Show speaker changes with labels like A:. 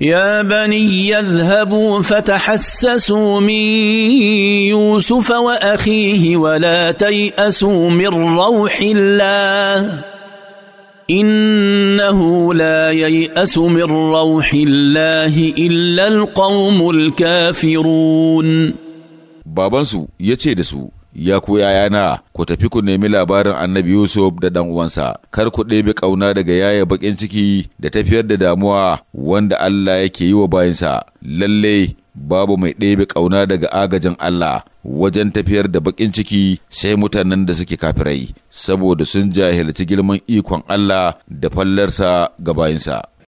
A: يا بني اذهبوا فتحسسوا من يوسف واخيه ولا تياسوا من روح الله انه لا يياس من روح
B: الله الا القوم الكافرون بابا سو ce ya ku yayana ku tafi ku nemi labarin annabi Yusuf da ɗan uwansa kar ku ɗebe ƙauna daga yaya baƙin ciki da tafiyar da damuwa wanda Allah yake yi wa bayansa lalle babu mai ɗebe ƙauna daga agajin Allah wajen tafiyar da baƙin ciki sai mutanen da suke kafirai saboda sun jahilci girman ikon Allah da fallarsa ga bayinsa